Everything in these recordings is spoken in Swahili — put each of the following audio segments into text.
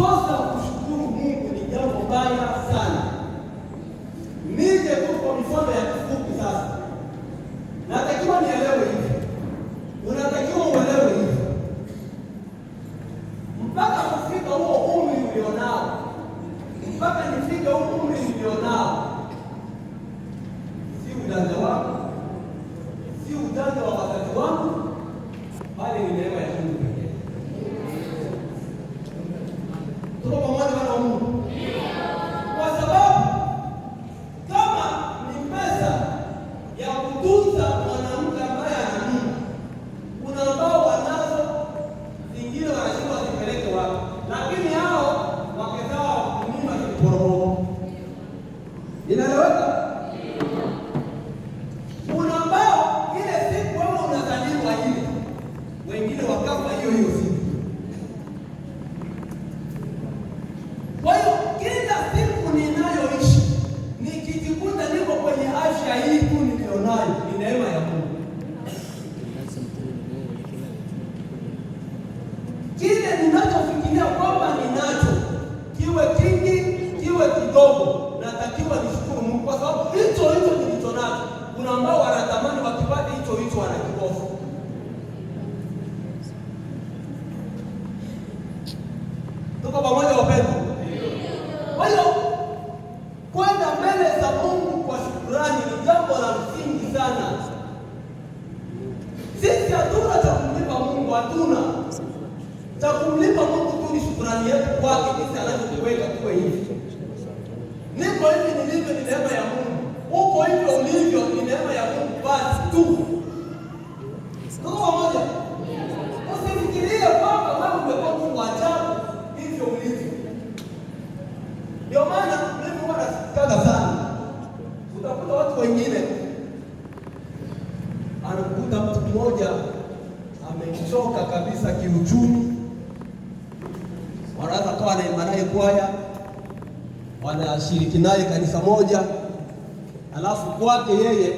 kutoza kushukuru Mungu ni jambo baya sana. maporomoko. Inaeleweka? Kuna ambao ile siku unazaliwa hivi, wengine wakafa hiyo hiyo siku. Kwa hiyo kila siku ninayoishi nikijikuta niko kwenye afya hii tu nilionayo, ni neema ya Mungu. Kile ninachofikiria mdogo, natakiwa nishukuru Mungu kwa sababu hicho hicho nilicho nacho. Kuna ambao wanatamani wakipata hicho hicho wanakikosa. Tuko pamoja wapendwa? Kwa hiyo kwenda mbele za Mungu kwa shukrani ni jambo la msingi sana. Sisi hatuna cha kumlipa Mungu, hatuna cha kumlipa Mungu tu, ni shukrani yetu kwake jinsi anavyotuweka kuwe hivi Niko hivi nilivyo ni neema ya Mungu. Uko hivyo ulivyo ni neema ya Mungu basi tu. Tuko pamoja? Usifikirie kwamba wewe umekuwa Mungu wa ajabu hivyo ulivyo. Ndio maana mimi huwa sana. Utakuta watu wengine anakuta mtu mmoja amechoka kabisa kiuchumi, wanaanza kuwa kwaya wanashiriki naye kanisa moja, alafu kwake yeye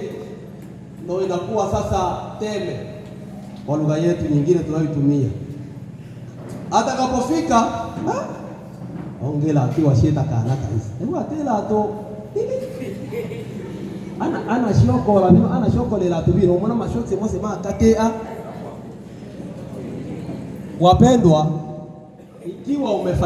ndio inakuwa sasa teme kwa lugha yetu nyingine tunayoitumia. Atakapofika ongela akiwa sheta kana kanisa ewa atela to ana ana shoko la bino ana shoko shokolela tubino mwana mashoti mose ma makatea. Wapendwa, ikiwa umefa